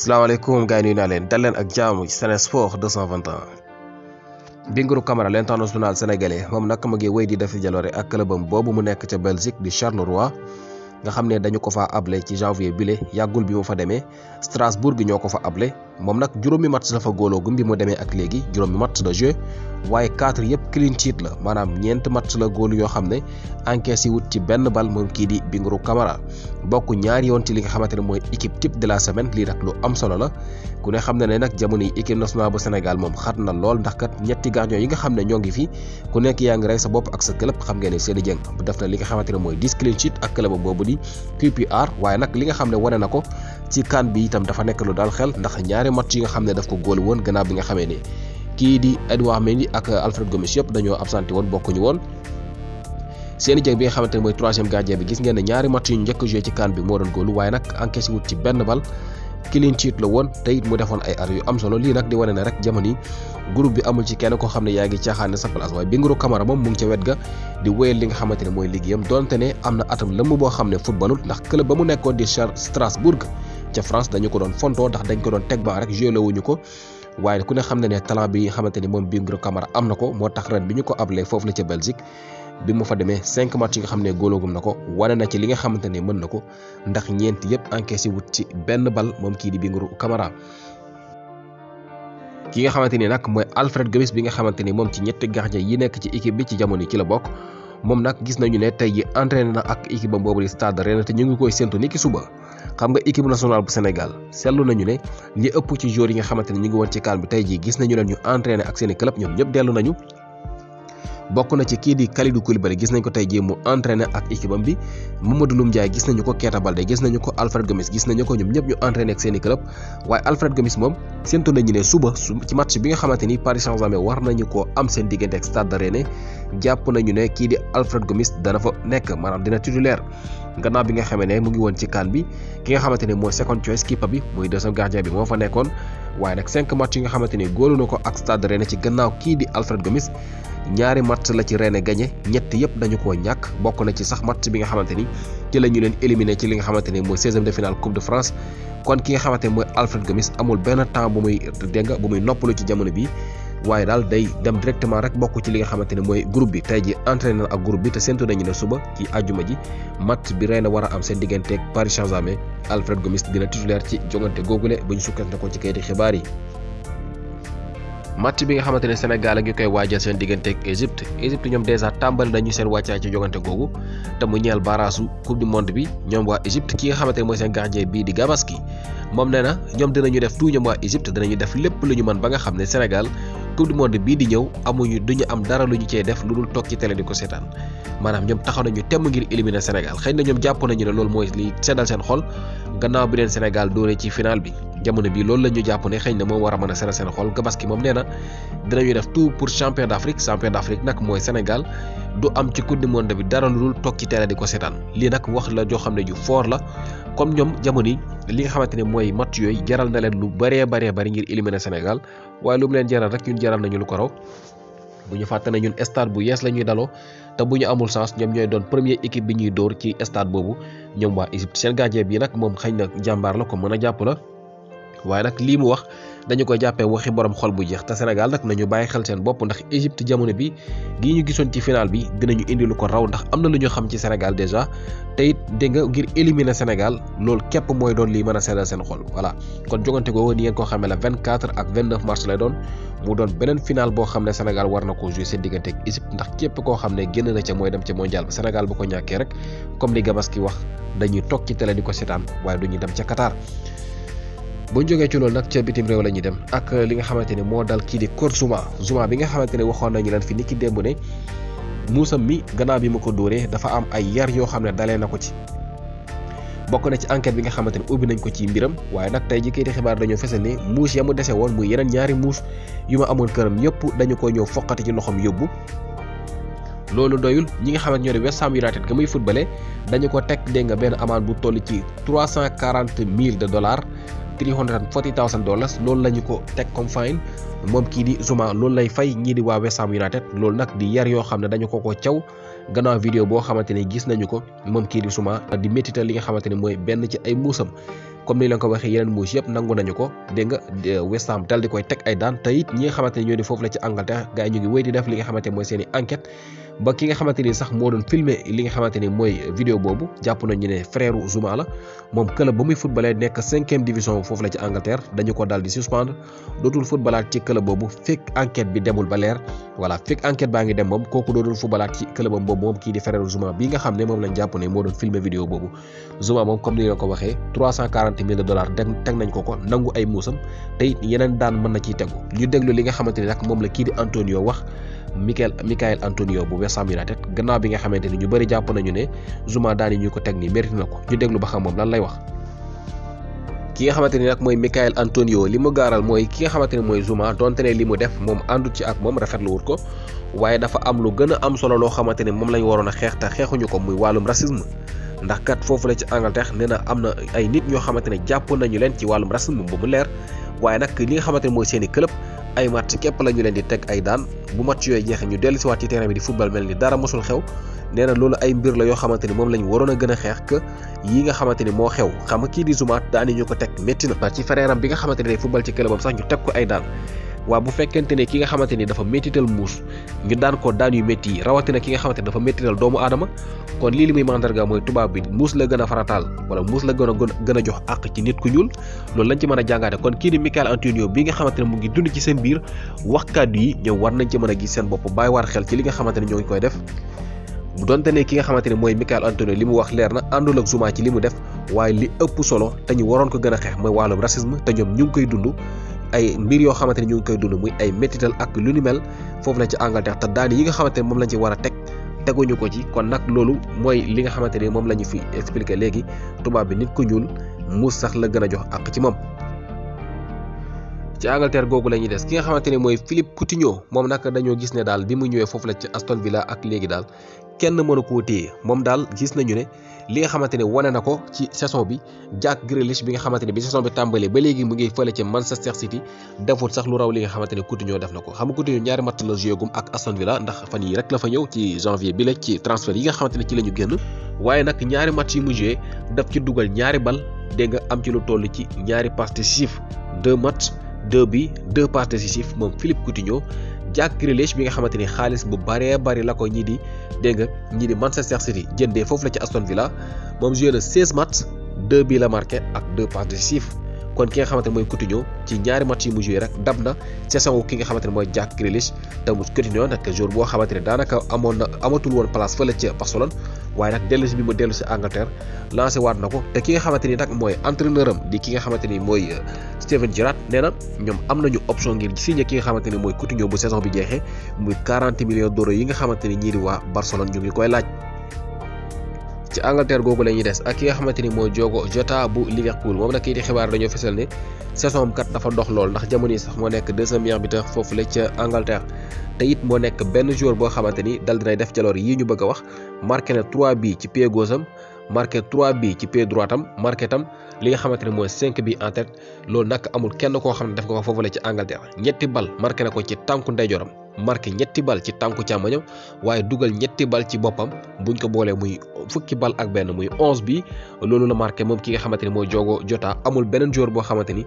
salaamaaleykum gars yi nuyu naa leen dal leen ak jaamu ci Sen Sport 221 Bingourou Kamara l'international sénégalais moom nag ma ngi wéy di def jaloore ak clubam boobu mu nekk ca Belgique di Charleroi nga xam ne dañu ko fa able ci janvier bile yàggul bi mu fa demee Strasbourg ñoo ko fa able moom nag juróomi match dafa góoloogum bi mu demee ak léegi juróomi match la joué waaye quatre yëpp clean sheet la maanaam ñeent match la góolu yoo xam ne encaissé wut ci benn bal moom kii di bi Bingourou Kamara bokk ñaari yoon ci li nga xamante ne mooy équipe type la semaine lii nag lu am solo ku ne xam ne ne nag jamono yi équipe nationale bu Sénégal moom xat na lool ndax kat ñetti gardien yi nga xam ne ñoo ngi fii ku nekk yaa ngi rey sa bopp ak sa club xam ngeen ne Seny Dieng def na li nga xamante ne mooy dix clean sheet ak club boobu di QPR waaye nag li nga xam ne wane na ko ci kan bi itam dafa nekk lu daal xel ndax ñaari match yi nga xam ne daf ko góole woon gannaaw bi nga xamee ne kii di Edouard Mendy ak Alfred Gomis yëpp dañoo absenté woon bokkuñu woon seeni jëg bi nga xamante ne mooy troisième gardien bi gis ngeen ne ñaari match yu njëkk a joué ci kan bi moo doon góolu waaye nag encaissé wut ci benn bal clean sheet la woon te it mu defoon ay ar yu am solo lii nag di wane ne rek jamono yi groupe bi amul ci kenn koo xam ne yaa ngi caaxaane sa place waaye Bingourou Kamara ngi ca wet ga li nga xamante ne mooy liggéeyam donte ne am na atam lëmm boo xam ne footballul ndax club ba mu nekkoon di Strasbourg ca France dañu ko doon fontoo ndax dañ ko doon teg ba rek jëlee wuñu ko waaye ku ne xam ne ne talent bi nga xamante ni moom Bingu Kamara am na ko moo tax ren bi ñu ko ablee foofu la ca Belgique bi mu fa demee cinq match yi nga xam ne góoloogum na ko wane na ci li nga xamante ne mën na ko ndax ñeent yëpp encaissé wut ci benn bal moom kii di Bingu Kamara. ki nga xamante ni nag mooy Alfred Gomis bi nga xamante ni moom ci ñetti gardien yi nekk ci équipe bi ci jamono ci la bokk. moom nag gis nañu ne tey ji entraîné na ak équipe boobu di Stade Rennais te ñu ngi koy séntu niki suba xam nga équipe nationale bu Sénégal sellu nañu né li ëpp ci joueurs yi nga xamanteni ne ñu ngi won ci kaan bi tay ji gis nañu leen ñu entraîner ak seen club ñom delu nañu bokku na ci ki di Kalidou Koulibaly gis nañ ko tay ji mu entraîner ak équipe am bi Mamadou Loum Ndiaye gis nañu ko keta Baldé gis nañu ko Alfred Gomis gis nañu ko ñom ñëpp ñu entraîner ak seen club waye Alfred Gomis mom sentu nañu né suba ci match bi nga xamanteni Paris Saint-Germain war nañu ko am seen diggante ak Stade rennes japp nañu né ki di Alfred Gomis dana fa nek manam dina titulaire gannaaw bi nga xamee ne mu ngi woon ci kan bi ki nga xamante ne mooy second choice keeper bi muy deuxième gardien bi moo fa nekkoon waaye nag cinq match yi nga xamante ni góolu na ko ak Stade Rennais ci gannaaw kii di Alfred Gomis ñaari match la ci Rennais gagné ñett yëpp dañu koo ñàkk bokk na ci sax match bi nga xamante ni ci la ñu leen éliminé ci li nga xamante ne mooy seizième de finale Coupe de France kon ki nga xamante ne mooy Alfred Gomis amul benn temps bu muy dégg nga bu muy noppalu ci jamono bi waaye daal day dem directement rek bokk ci li nga xamante ne mooy groupe bi tey ji entraîné na ak groupe bi te séntu nañu ne suba ci àjjuma ji match bi Rennes war a am seen digganteeg Paris Saint-Germain Alfred Gomis dina titulaire ci jongante googule ba ñu sukkante ko ci kayiti xibaar yi. match bi nga xamante ne Sénégal a ngi koy waajal seen digganteeg Égypte Égypte ñoom dèjà tàmbali nañu seen wàccaay ci jogante googu te mu ñeel baraasu coupe du monde bi ñoom waa Égypte ki nga xamante ne mooy seen bii di Gabaski moom nee na ñoom dinañu def tout ñoom waa Égypte dinañu def lépp lu ñu mën ba nga xam ne Sénégal coupe du monde bii di ñëw amuñu duñu am dara lu ñu def lu dul toog ci télé di ko seetaan maanaam ñoom taxaw nañu temm ngir éliminer Sénégal xëy na ñoom jàpp nañu ne loolu mooy li seddal seen xol gannaaw bi leen Sénégal dóoree ci final bi jamono bi loolu la ñu jàpp ne xëy na moom war a mën a sere seen xol Gabaski moom nee na dinañu def tout pour champion d' Afrique champion d' Afrique nag mooy Sénégal du am ci coupe du monde bi dara lu dul toog ci télé di ko seetaan lii nag wax la joo xam ne ju fort la comme ñoom jamono yi li nga xamante ne mooy matt yooyu jaral na leen lu bëree bëree bëri ngir éliminer senegal waaye lu mu leen jaral rek ñun jaral nañu lu ko raw bu ñu fàtte ne ñun stade bu yees la ñuy daloo te bu ñu amul chance ñoom ñooy doon première équipe bi ñuy dóor ci stade boobu ñoom waa Égypte seen gardien bi nag xëy na jàmbaar la ko mën a jàpp la waaye nag lii mu wax dañu ko jàppee waxi borom xol bu jeex te Sénégal nag nañu bàyyi xel seen bopp ndax Égypte jamono bi gii ñu gisoon ci final bi dinañu indi lu ko raw ndax am na lu ñu xam ci Sénégal déjà te it dégg nga ngir éliminer Sénégal loolu képp mooy doon lii mën a seddal seen xol voilà kon jogante ko ni ngeen ko xamee la 24 ak 29 mars lay doon mu doon beneen final boo xam ne Sénégal war na ko jouer seen diggante ak Égypte ndax képp koo xam ne génn na mooy dem ca mondial ba Sénégal bu ko ñàkkee rek comme li Gabaski wax dañuy toog ci télé di ko seetaan waaye duñuy dem ca Qatar bu ñu jógee ci loolu nag ca bitim réew la ñuy dem ak li nga xamante ne moo dal kii di Kurt Zouma Zouma bi nga xamante ne waxoon nañu leen fi ni ki démb ne muusam mi gannaaw bi ma ko dóoree dafa am ay yar yoo xam ne dalee na ko ci bokk na ci enquête bi nga xamante ne ubbi nañ ko ci mbiram waaye nag tey ji kayiti xibaar dañoo fesal ni muus ya mu dese woon muy yeneen ñaari muus yu ma amoon këram yëpp dañu ko ñëw foqati ci loxoom yóbbu loolu doyul ñi nga xamante ñoo di West Ham United ga muy footballé dañu ko teg dégg nga benn amende bu toll ci 340 000 de dollars 340,000 dollars ko teg comme fine moom kii di Zuma loolu lay fay ñii di waa West United loolu nag di yar yoo xam ne dañu ko ko caw gannaaw vidéo boo xamante ne gis nañu ko moom kii di Zuma di méttital li nga xamante ne mooy benn ci ay muusam comme ni leen ko waxee yeneen muus yëpp nangu nañu ko dégg nga euh, West Ham dal di koy teg ay daan te ñi xamante ne ñoo di foofu la ci Angleterre gars yi ñu ngi wéy di def li nga xamante mooy seen i ba ki nga xamante ni sax moo doon filmer li nga xamante ni mooy vidéo boobu jàpp nañu ne frère Zuma la moom club ba muy footballé nekk cinquième division foofu la ci Angleterre dañu ko daal di suspendre dootul footballaat ci club boobu fekk enquête bi demul ba leer voilà fekk enquête baa ngi dem moom kooku dootul footballaat ci club boobu moom kii di frère Zuma bi nga xam ne moom lañ jàpp ne moo doon filmer vidéo boobu Zuma moom comme ni nga ko waxee trois cent quarante yeneen daan mën na ciy tegu ñu déglu li nga xamante ni nag moom la kii di Antonio wax Michael Michael Antonio bu West Ham United gannaaw bi nga xamante ni ñu bëri jàpp nañu ne Zuma daan ñu ko teg nii mérite na ko ñu déglu ba xam moom lan lay wax. ki nga xamante ni nag mooy Michael Antonio li mu gaaral mooy ki nga xamante ni mooy Zuma donte ne li mu def moom àndut ci ak moom rafetlu wut ko waaye dafa am lu gën a am solo loo xamante ni moom lañ waroon a xeex te xeexuñu ko muy wàllum racisme ndax kat foofu la ci Angleterre nee na am na ay nit ñoo xamante ne jàpp nañu leen ci wàllum racisme bu mu leer waaye nag li nga xamante ne mooy seeni i club ay match képp la ñu leen di teg ay daan bu match yooyu jeexee ñu dellu siwaat ci terrain bi di football mel ni dara mosul xew nee na loolu ay mbir la yoo xamante ni moom la ñu waroon a gën a xeex k yi nga xamante ni moo xew xam nga kii di Zuma daani ñu ko teg métti na ci frère bi nga xamante ne day football ci clubam sax ñu teg ko ay daan waaw bu fekkente ne ki nga xamante ni dafa méttital muus ñu daan ko daan yu métti yi rawatina ki nga xamante ni dafa méttital doomu aadama kon lii li muy mandarga mooy tubaab bi muus la gën a farataal wala muus la gën a gën a jox àq ci nit ku ñuul loolu lañ ci mën a jàngaate kon kii di Michael Antonio bi nga xamante ne mu ngi dund ci seen biir wax kàddu yi ñoom war nañ ci mën a gis seen bopp bàyyi waar xel ci li nga xamante ne ñoo ngi koy def bu donte ne ki nga xamante ne mooy Michael Antonio li mu wax leer na àndul ak Zuma ci li mu def waaye li ëpp solo te ñu waroon ko gën xeex mooy wàllum racisme te ñoom ñu ngi koy dund ay mbir yoo xamante ni ñu ngi koy dund muy ay métital ak lu ni mel foofu la ci Angleterre te daan yi nga xamante ne moom lañ ci war a teg teguñu ko ci kon nag loolu mooy li nga xamante ni moom la ñu fi expliqué léegi tubaab bi nit ku ñuul muus sax la gën a jox ak ci moom. ci Angleterre googu la ñuy des ki nga xamante ne mooy Philippe Coutinho moom nag dañoo gis ne daal bi mu ñëwee foofu la ci Aston Villa ak léegi daal kenn mënu koo téye moom daal gis nañu ne li nga xamante ne wane na ko ci saison bi Jack Grealish bi nga xamante ne bi sason bi tàmbalee ba léegi mu ngi fële ci Manchester City deful sax lu raw li nga xamante ne Coutinho def na ko xam nga Coutinho ñaari matt la joué gum ak Aston Villa ndax fan yi rek la fa ñëw ci janvier bi ne ci la ñu génn waaye nag ñaari match yi mu joué daf dugal ñaari bal dégg am ci lu toll ci ñaari passe décisive deux matchs 2 bi deux passes décisives moom Philippe Coutinho Jack Grealish bi nga xamante ni xaalis bu baree bari la ko ñii di dégg nga ñii di Manchester City jëndee foofu la ci Aston Villa moom joué na 16 matchs 2 bi la marqué ak deux passes décisives kon ki nga xamante ne mooy Coutinho ci ñaari match yi mu joué rek dab na saison ki nga xamante mooy Jack Grealish te mu Coutinho nag jour boo xamante ne daanaka amoon na amatul woon place fële ca Barcelone waaye nag dellu si bi mu dellu si Angleterre lancé waat na ko te ki nga xamante ni nag mooy entreneur am di ki nga xamante ni mooy euh, Steven Gerrard nee na ñoom am nañu option ngir signé ki nga xamante ni mooy Coutinho bu saison bi jeexee muy 40 millions d'euros yi nga xamante ni ñii di waa Barcelone ñu ngi koy laaj. ci Angleterre googu la ñuy des ak ki nga xamante ni mooy Diogo Jota bu Liverpool moom nag kii di xibaar dañoo fësal ne saison kat dafa dox lool ndax jamono yi sax moo nekk deuxième meilleur buteur foofu la ca Angleterre te it moo nekk benn joueur boo xamante ni dal dinay def jaloor yii ñu bëgg wax marke na 3 bi ci pied gauche am marqué 3 bi ci pied droit am tam li nga xamante ne mooy 5 bi en tête loolu nag amul kenn koo xam ne def nga ko foofu la ci Angleterre ñetti bal marqué na ko ci tànku ndeyjooram marqué ñetti bal ci tànku càmmoñam waaye dugal ñetti bal ci boppam buñ ko boolee muy fukki bal ak benn muy onze bi loolu la marqué moom ki nga xamante ni mooy Diogo jotaa amul beneen joueur boo xamante ni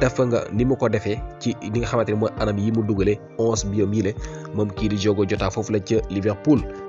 dafa nga ni mu ko defee ci li nga xamante ni mooy anam yi mu dugalee onze bi yom yile moom kii di Diogo jotaa foofu la ca Liverpool